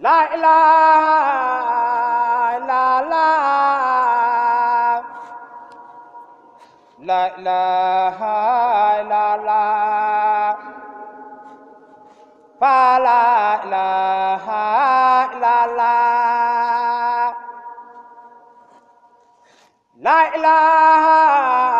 la ilaha illa allah la ilaha illa allah fa la ilaha illa allah la ilaha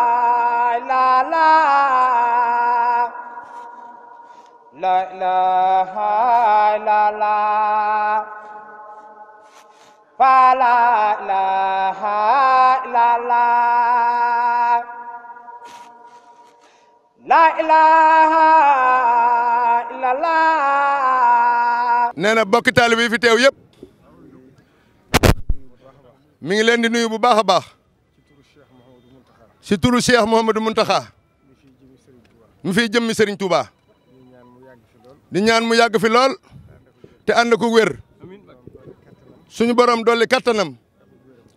ilaha illallah. nee na bokki taalibe yi fi teew yëpp mi ngi leen di nuyu bu baax a baax si turu Cheikh Mouhamadou Mountakha mu fiy jëmmi Serigne Touba di ñaan mu yàgg fi lool te ànd ko wér suñu borom dolli kattanam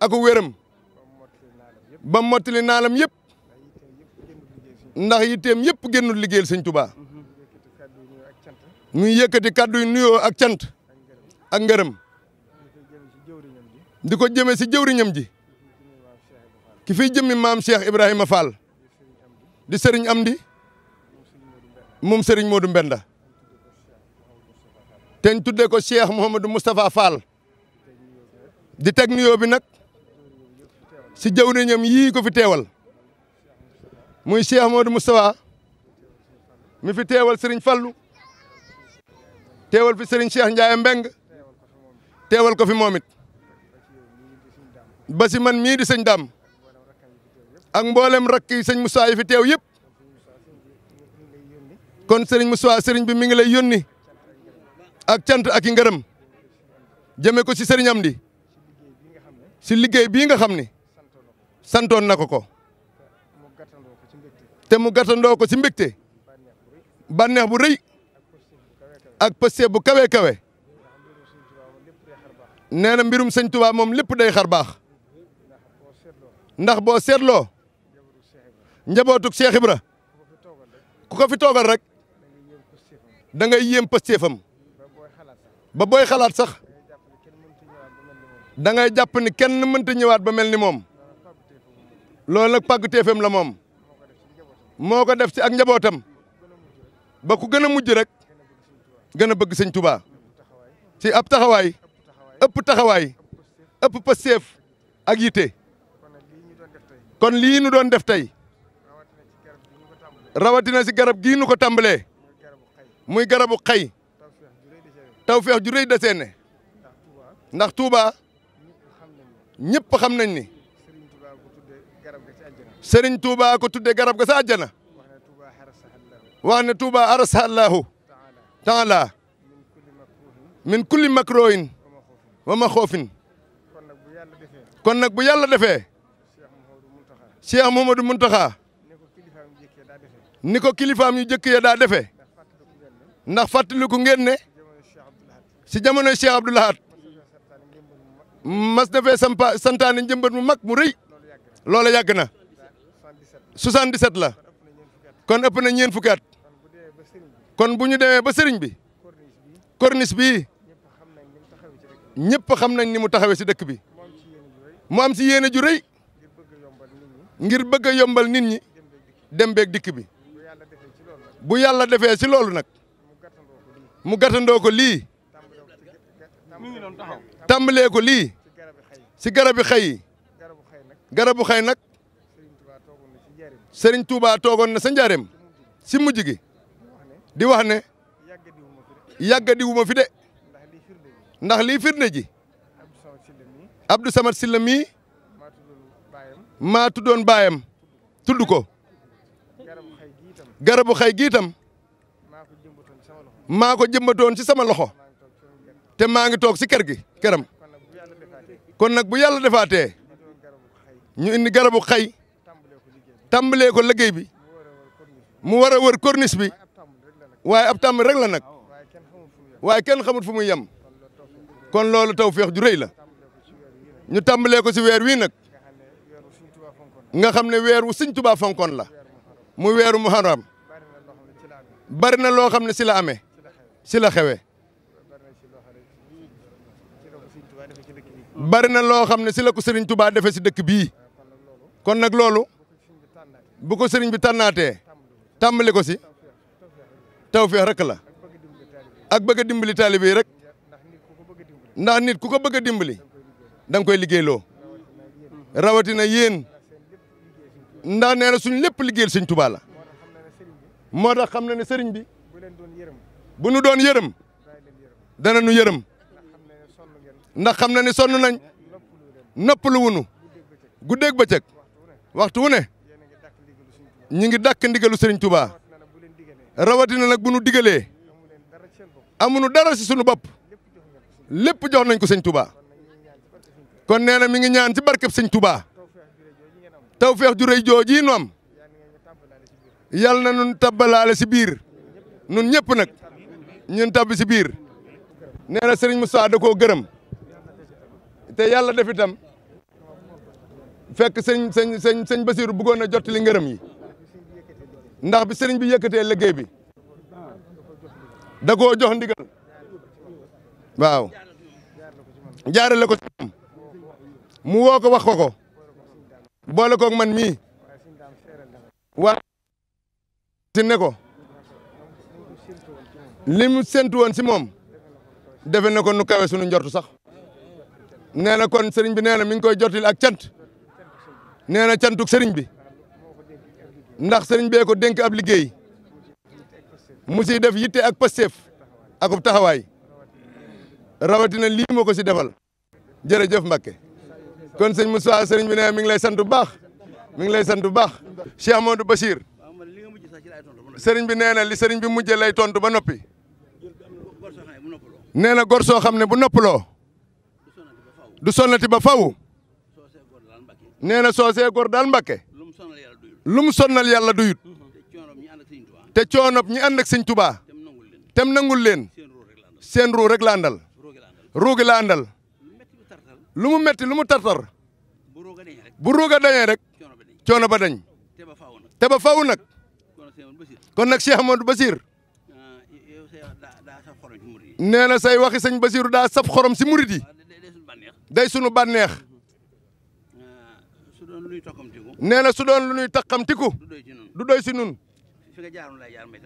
aku wéram ba mottali naalam yëpp. ndax yitteem yëpp génn liggéeyal sëñ Tuubaa mu yëkkati kàddu nuyoo ak cant ak ngërëm di ko jëme si jëwriñam ji ki fi jëmmi maam Cheikh Ibrahima Fall di sëriñ am di moom sëriñ Modou Mbenda te tuddee ko Cheikh Mouhamadou Moustapha Fall di teg nuyoo bi nag si jëwriñam yii ko fi teewal muy Cheikh Modou Moustapha mi fi teewal Serigne Fallou teewal fi Serigne Cheikh Ndiaye Mbeng teewal ko fi moom it ba man mii di sëñ Dame ak mboolem rakk yi sëñ Moustapha yi fi teew yëpp kon Serigne Moustapha Serigne bi mi ngi lay yónni ak cant ak i ngërëm jëme ko si Serigne Amdi si liggéey bii nga xam ni santoon na ko ko te mu gatandoo ko ci mbégte bànneex bu rëy ak pëste bu kawe kawe nee na mbirum sëñ Tuubaa moom lépp day xar baax ndax boo seetloo njabootug Cheikh Ibra ku ko fi toogal rek dangay ngay yéem pësteefam ba booy xalaat sax da ngay jàpp ni kenn mënta ñëwaat ba mel ni moom loolu nag pàggu la moom. moo ko def ci ak njabootam ba ku gën a mujj rek gën a bëgg sëñ Touba ci ab taxawaay ëpp taxawaay ëpp pasteef ak yitte kon lii nu doon def tey rawatina si garab gii nu ko tàmbalee muy garabu xay tawfeex ju rëy da seene ndax Touba ñëpp xam nañ ni sëriñ Touba ko tudde garab ga sa àjjana wax ne Touba arasa allahu min kulli makrohin wa ma kon nag bu yàlla defee Cheikh Mouhamadou Mountakha ni ko kilifaam yu jëkk ya daa defee ndax fàttaliku ngeen ne si jamono Cheikh Abdou Lahad mas defee mu mag mu rëy loola yàgg na 77 la kon ëpp na ñeen fukki at kon bu ñu demee ba sëriñ bi corniche bii ñëpp xam nañ ni mu taxawee si dëkk bi mu am si yéene ju rëy ngir bëgg a yombal nit ñi dem beeg dikk bi bu yàlla defee si loolu nag mu gàttandoo ko lii tàmbalee ko lii si garabi xay yi garabu xay nag Serigne Touba toogoon na sa njaareem si mujj gi di wax ne yàggadi wu ma fi de ndax lii firnde ji Abdou Samad Sylla mii maa tuddoon baayam tudd ko garabu xay giitam maa ko jëmbatoon ci sama loxo te maa ngi toog si kër gi këram kon nag bu yàlla defaatee ñu indi garabu xay tàmbalee ko liggéey bi mu war a wër corniche bi waaye ab tàmbali rek la nag waaye kenn xamul fu muy yem kon loolu taw feex ju rëy la ñu tàmbalee ko si weer wii nag nga xam ne weer wu Sëñ Tuubaa fonkoon la mu weeru Muharram bari na loo xam ne si la ame si la xewee bari na loo xam ne si la ko Sëriñ tubaa defee si dëkk bii kon nag loolu bu ko sëriñ bi tànnaatee tàmbali ko si tawfeex rek la ak bëgg a dimbali taalibe yi rek ndax nit ku ko bëgg a dimbali da nga koy liggéeyloo rawatina yéen ndax nee na suñ lépp liggéeyal suñ Tuubaa la moo tax xam na ne sëriñ bi bu nu doon yërëm dana nu yërëm ndax xam na ne sonn nañ noppalu wunu guddeeg bëccëg waxtu wu ñu ngi dàkk ndigalu Serigne Touba rawatina nag bu nu digalee nu dara si sunu bopp lépp jox nañ ko sëñ Touba kon nee na mi ngi ñaan ci barkeb sëñ Touba tawfeex ju rëy jooji nu am yàlla na nun tabbalaale si biir nun ñëpp nag ñun tabbi si biir nee na Serigne Moussa da koo gërëm te yàlla def itam fekk sëñ sëñ sëñ sëñ Basiru bëggoon na jot li ngërëm yi ndax bi sëriñ bi yëkkatee liggéey bi da koo jox ndigal waaw jaarale ko ci mu woo ko wax ko ko boole koog man mii waa si ne ko li mu séntu woon si moom defe na ko nu kawe sunu njortu sax nee na kon sëriñ bi nee na mi ngi koy jotil ak cant nee na cantuk sëriñ bi ndax sëriñ bee ko dénk ab liggéey mu siy def yitte ak pasteef akub taxawaay rawatina lii ma ko si defal jërëjëf Mbacke kon sëñ Moussa sëriñ bi ne mi ngi lay sant bu baax mi ngi lay sant bu baax Cheikh Amadou Bachir sëriñ bi nee na li sëriñ bi mujjee lay tontu ba noppi nee na gor soo xam ne bu noppaloo du sonnati ba faw nee na soosee gor daal Mbacke lu mu sonnal yàlla doyut te coonob ñi ànd ak sëñ tubaa tem nangul leen seen ruu rek la àndal ruugi la àndal lu mu metti lu mu tartar bu ruuga dañee rek coono ba dañ te ba faw nag kon nag Cheikh Amadou Basir nee na say waxi sëñ Basiru daa saf xorom si murit yi day sunu bànneex nee na su doon lu ñuy takkamtiku. du doy si nun fi nga jaaroon lay jaar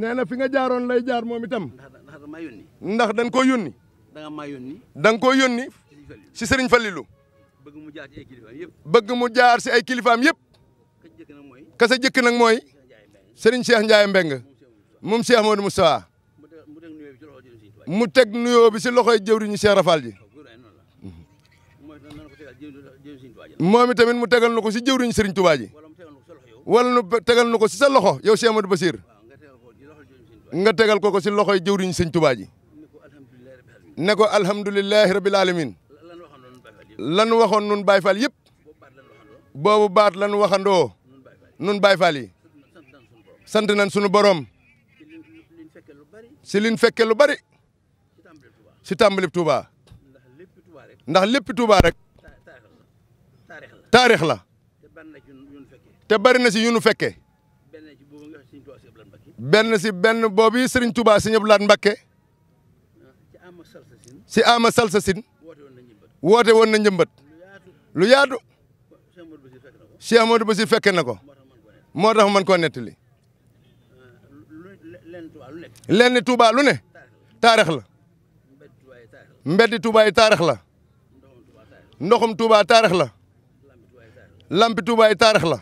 moom itam. na fi nga jaaroon lay jaar moom itam. ndax da maa yónni. ndax da nga koo yónni. da nga maa yónni. da nga koo yónni si Serigne Fallilou. bëgg mu jaar si ay kilifaam yëpp. jaar si ay kilifaam yëpp. kasa jëkk nag mooy. sëriñ Cheikh Ndiaye Mbeng moom Cheikh Modou Moustapha. mu teg nuyoo bi si loxoy jëwriñu Cheikh Rafal ji. moom itamit mu tegal nu ko si jëwriñ Serigne Touba ji wala nu tegal nu ko si sa loxo yow Cheikh Amadou Bassir nga tegal ko ko si loxoy jëwriñ Serigne Touba ji ne ko alhamdulilahi rabil alamin lan waxoon nun Baye Fall yëpp boobu baat lan waxandoo nun Baye Fall sunu borom si liñ fekke lu bari si tàmbalib Touba ndax lépp Touba rek taarix la te bari na si yu nu fekkee benn si benn boobu yi Serigne Touba Serigne Abdou Lahad Mbacké si ama salsasin woote woon na njëmbat lu yaatu Cheikh Amadou Basir fekke na ko moo tax man koo nettali euh, lenn Touba lu ne taarix la mbeddi Touba yi taarix la ndoxum Touba taarix la lampi Touba yi la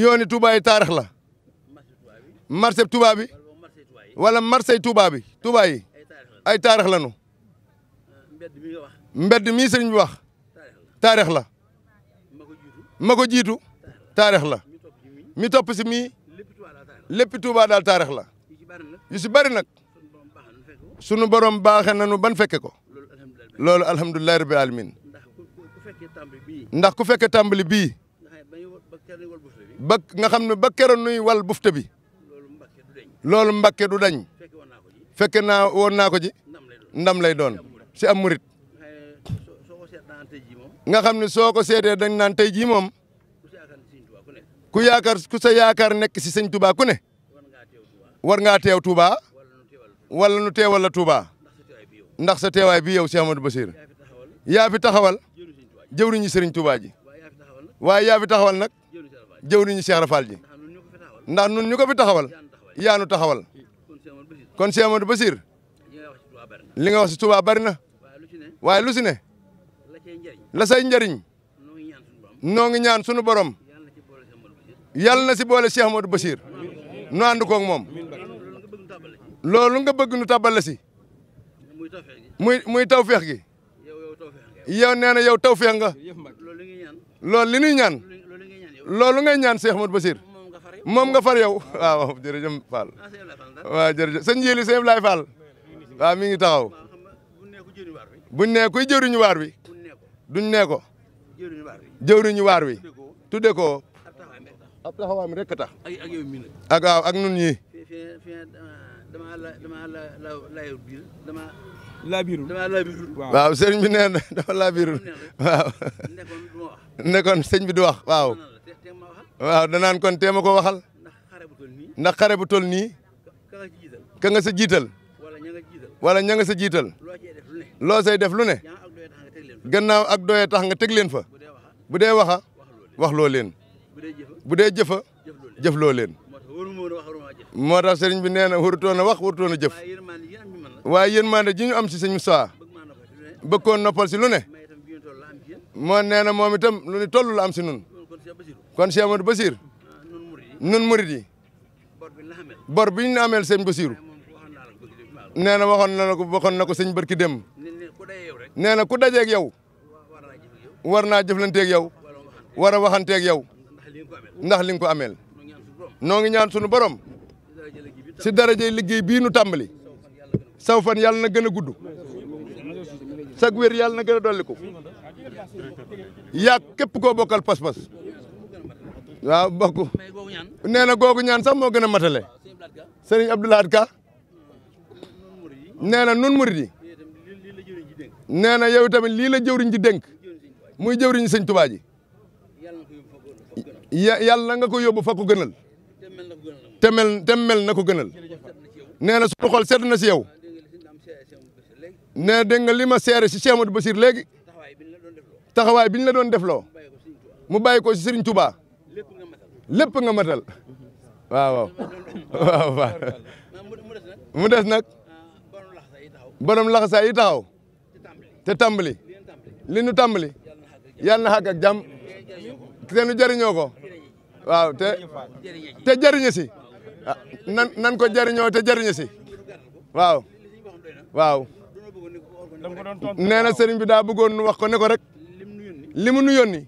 yooni Touba yi taarix la marché Touba bi wala marché Touba bi Touba yi ay taarix la nu mbedd mii sëriñ bi wax taarix la ma ko jiitu taarix la mi topp si mii lépp Touba daal taarix la yu si bari nag sunu borom baaxe nanu ban fekke ko loolu alhamdulilah rabbil alamin ndax ku fekkee tàmbali bii ba nga xam ne ba keroon nuy wal bufte bi loolu mbakke du dañ fekke na woon naa ko ji ndam lay doon si am murit nga xam ne soo ko seetee dañ naan tey jii moom ku yaakaar ku sa yaakaar nekk si sëñ Touba ku ne war ngaa teew Touba wala nu teewal la Touba ndax sa teewaay bi yow si Amadou Bassir yaa taxawal jëwriñu Serigne Touba ji waaye yaa fi taxawal nag jëwriñu Cheikh Rafal ji ndax nun ñu ko fi taxawal yaa taxawal kon Cheikh Amadou li nga wax si Touba bari na lu si ne la say njëriñ noo ngi ñaan sunu borom yàlla na si boole Cheikh Amadou Bassir nu ànd moom loolu nga bëgg nu tàbbal la muy taw tawfeex gi. yow nee na yow tawfeex nga loolu li ñuy ñaan loolu ngay ñaan Cheikh Ahmadou Bassir moom nga far yow waaw jërëjëf Fall ah, waaw jërëjëf sëñ Jili sëñ Ablaye mi ngi taxaw buñ nee kuy waar wi duñ nee ko waar wi tudde ko ab rek tax ak waaw nun ñi laabirul waaw waaw sëriñ bi nee na dafa laabirul waaw nekkoon sëñ bi du wax waaw waaw danaan kon teema ko waxal ndax xare bu tol nii ka nga sa jiital wala ña nga sa jiital loo say def lu ne gannaaw ak doye tax nga teg leen fa bu dee waxa wax loo bu dee jëfa jëf loo leen moo tax sëriñ bi nee na warutoon a wax warutoon a jëf waaye yërmande ji ñu am si sëñ Moussa bëgg koo noppal si lu ne moo nee na moom itam lu ni toll la am si nun kon si Amadou Basir nun murid bor bi ñu ameel sëñ Basiru nee na waxoon na ko waxoon na ko sëñ barki dem nee na ku dajeeg yow war naa jëflanteeg yow war a waxanteeg yow ndax li nga ko ameel noo ngi ñaan sunu borom si daraje liggéey bii nu tàmbali saw fan yàlla na gën a gudd sag wér yàlla na gën a dolliku yàgg képp koo bokkal pas-pas waaw bokk nee na googu ñaan sax moo gën a matale sëriñ Abdou Lahad Ka nee nun murid yi nee na yow tamit lii la jëw riñ ji dénk muy jëwriñ sëñ Tuubaa ji yàlla nga ko yóbbu fa ko gënal te mel na ko gënal nee na suñu sedd na si yow ne dégg nga li ma seere si Cheikh Amadou Bassir léegi taxawaay bi la doon defloo mu bàyyi ko si Serigne Touba lépp nga matal waaw waaw mu des nag borom laxasaay yi taxaw te tàmbali li nu tàmbali yàlla na xàgg ak te nu jëriñoo ko waaw te te jëriñu si ah, nan nan ko jariñoo te jëriñu si waaw waaw nee na sëriñ bi daa bëggoon nu wax ko ne ko rek li mu nu yónni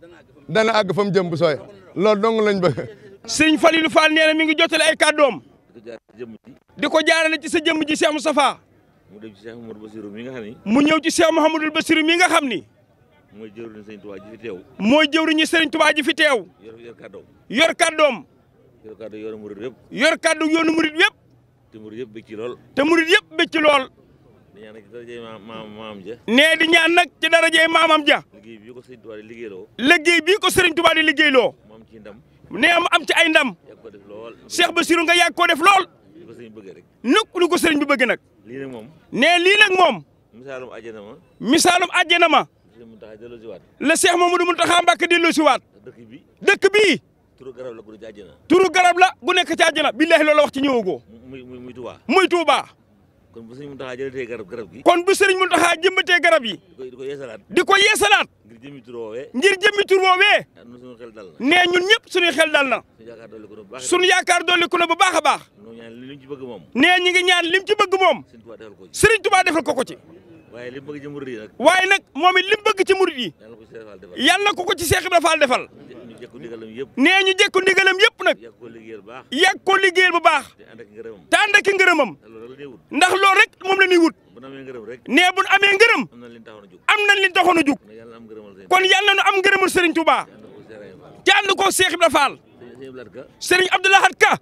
dana àgg fa mu jëm bu sooy loolu dong lañ bëgg. sëriñ Falilou Fall nee na mi ngi jottale ay kàddoom. di ko jaarale ci sa jëmm ji Cheikh Moustapha. mu dem ci Cheikh Mouhamadou Bassirou mi nga xam ni. mu ñëw ci Cheikh Mouhamadou Bassirou mi nga xam ni. mooy jëwriñu sëriñ Touba ji fi teew. mooy jëwriñu sëriñ Touba ji fi teew. yor kàddoom. yor kàddoom. yor kàddu yoonu murid yëpp. yor kàddu yoonu murid yëpp. te murid yëpp bëgg ci lool. te murid yëpp nee di ñaan nag ci darajee maamam ja liggéey bii ko Serigne Touba di liggéeyloo. liggéey bii ko Serigne Touba di liggéeyloo. nee am am ci ay ndam. ba Bassirou nga yàgg koo def lool. nuk lu ko Serigne bi bëgg nag. nee lii nag moom. misaalum àjjana ma. misaalum àjjana ma. la Cheikh Mamadou Mountakha Mbacké delloosiwaat. dëkk bi dëkk bi. turu garab la gu nekk ci àjjana. turu garab la gu nekk ci àjjana. billaahi loolu wax ci ñëwagoo. muy muy muy Touba. muy Touba. kon bu sëriñ Mountakha jëmbatee garab garab gi. kon bu sëriñ Mountakha jëmbatee garab yi. di ko yeesalaat. di ko yeesalaat. ngir jëmmi tur woowee. ngir jëmmi tur woowee. nee ñun ñëpp suñuy xel dal na. suñu yaakaar dolli ku baax a baax. nee ñu ngi ñaan lim ci bëgg moom. sëriñ Tuubaa defal ko ko ci. waaye li mu bëgg ci waaye nag moom it li mu bëgg ci murid yi. yàlla na Faal defal. nee ñu jekku ndigalam yëpp nag yàgg ko liggéeyal bu baax te ànd ak ngërëmam ndax loolu rek moom la ñuy wut nee bu amee ngërëm am nañ liñ taxoon a jug kon yàlla nañu am ngërëmal Serigne Touba te ko Cheikh Ibra Fall Serigne Abdou Ka ah,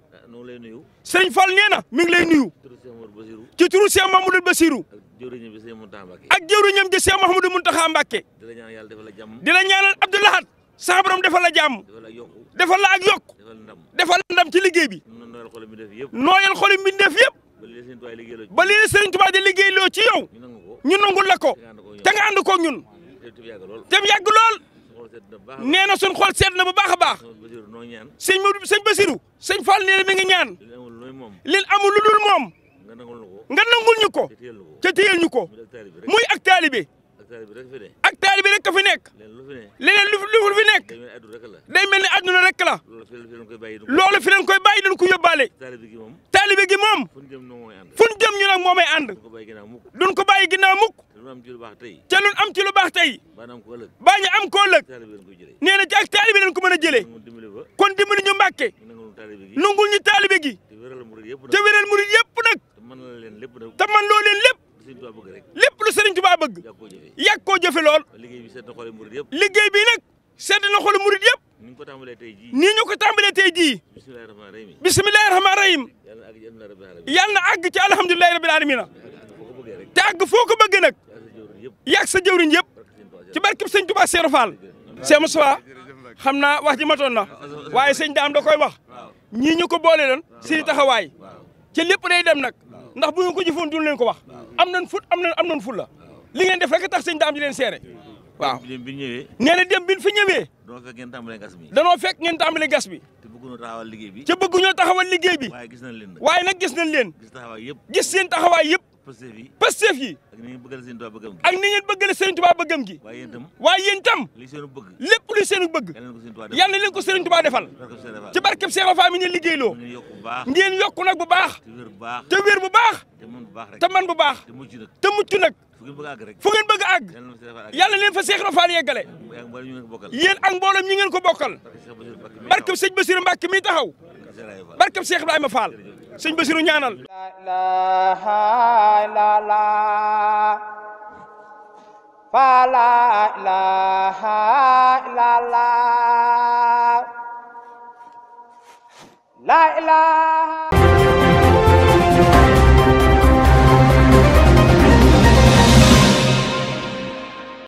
Serigne Fall nee na mi ngi nuyu ci turu Cheikh Mamadou Bassirou ak jëwriñam sa borom defal la jàmm defal la ak yokk defal la ndam ci liggéey bi nooyal xoli mbindeef yëpp ba lii la Serigne di liggéey loo ci yow ñu nangul la ko te nga ànd koog ñun te mu yàgg lool nee na suñ xool seet na bu baax a baax sëñ Modou sëñ Basirou sëñ Fall nee na mi ngi ñaan lin amul lu dul moom nga nangul ñu ko ca téyel ñu ko muy ak taalibe ak taali bi rek ka fi nekk leneen lu lu fi nekk day mel ni àdduna rek la loolu fi koy bàyyi duñ ko yóbbaale taalibe gi moom fu ñu ñu nag moo may ànd ko bàyyi ginnaaw mukk te luñ am ci baax tey baa am ko ëllëg nee na ci ak taalibe leen ko mën a jëlee kon dimbali ñu nungul ñu taalibe gi te wéral murid nag te man lépp lépp lu Serigne Touba bëgg yàgg koo jëfe lool liggéey bi nag sedd na xoolu murid yëpp ni ñu ko tàmbalee tey jii nii ñu ko tàmbalee tey jii bismillahi rahmaani rahim yàlla na àgg ci alhamdulilahi rabbil alamin te àgg foo ko bëgg nag yàgg sa jëwriñ yëpp ci barkeb Sëñ Touba Seeru Fall Seex Musaa xam naa wax ji matoon na waaye sëñ daam da koy wax ñii ñu ko boole doon seen taxawaay ci lépp day dem nag ndax bu ngeen ko jëfoon duñ leen ko wax am nañ fut am nañ am fut la li ngeen def rek tax sëñ daam di leen seere waaw nee na dem bi fi ñëwee danoo fekk ngeen tàmbalee gas fekk ngeen tàmbalee gas bi te bëgguñoo taxawal liggéey bi te bëgguñoo taxawal liggéey bi waaye gis nañ leen waaye nag gis nañ leen gis taxawaay yëpp gis seen taxawaay yëpp Pastef yi. Pastef yi. ak ni ngeen bëggal Serigne Touba bëggam gi. ak ni ngeen bëggal Serigne Touba bëggam gi. waaye yéen tam. waaye yéen tam. li seenu bëgg. lépp lu seenu bëgg. yal na leen ko Serigne Touba defal. ci barkeb Serigne Touba nag bu baax. te wér bu man bu baax. mucc nag. fu bëgg a àgg rek fu ngeen bëgg a àgg yàlla leen fa Seex Rafaal yeggale yéen ak mboolem ñi ngeen ko bokkal barkab sëñ Basiru Mbàkke mi taxaw Faal sëñ Basiru ñaanal la ilaha